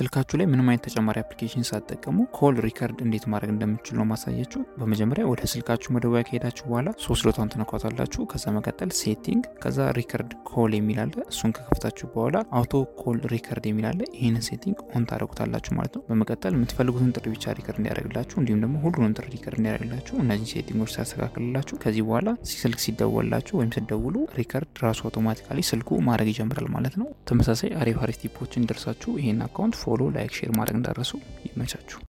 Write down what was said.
ስልካችሁ ላይ ምንም አይነት ተጨማሪ አፕሊኬሽን ሳትጠቀሙ ኮል ሪከርድ እንዴት ማድረግ እንደምችል ነው ማሳያችሁ። በመጀመሪያ ወደ ስልካችሁ መደወያ ከሄዳችሁ በኋላ ሶስት ዶቷን ትነኳታላችሁ። ከዛ መቀጠል ሴቲንግ፣ ከዛ ሪከርድ ኮል የሚላለ እሱን ከከፍታችሁ በኋላ አውቶ ኮል ሪከርድ የሚላለ ይህንን ሴቲንግ ኦን ታደረጉታላችሁ ማለት ነው። በመቀጠል የምትፈልጉትን ጥሪ ብቻ ሪከርድ እንዲያደርግላችሁ እንዲሁም ደግሞ ሁሉንም ጥሪ ሪከርድ እንዲያደርግላችሁ እነዚህ ሴቲንጎች ሲያስተካክልላችሁ ከዚህ በኋላ ስልክ ሲደወላችሁ ወይም ስደውሉ ሪከርድ ራሱ አውቶማቲካሊ ስልኩ ማድረግ ይጀምራል ማለት ነው። ተመሳሳይ አሪፍ አሪፍ ቲፖችን ደርሳችሁ ይህን አካውንት ፎሎ፣ ላይክ፣ ሼር ማድረግ እንዳረሱ ይመቻችሁ።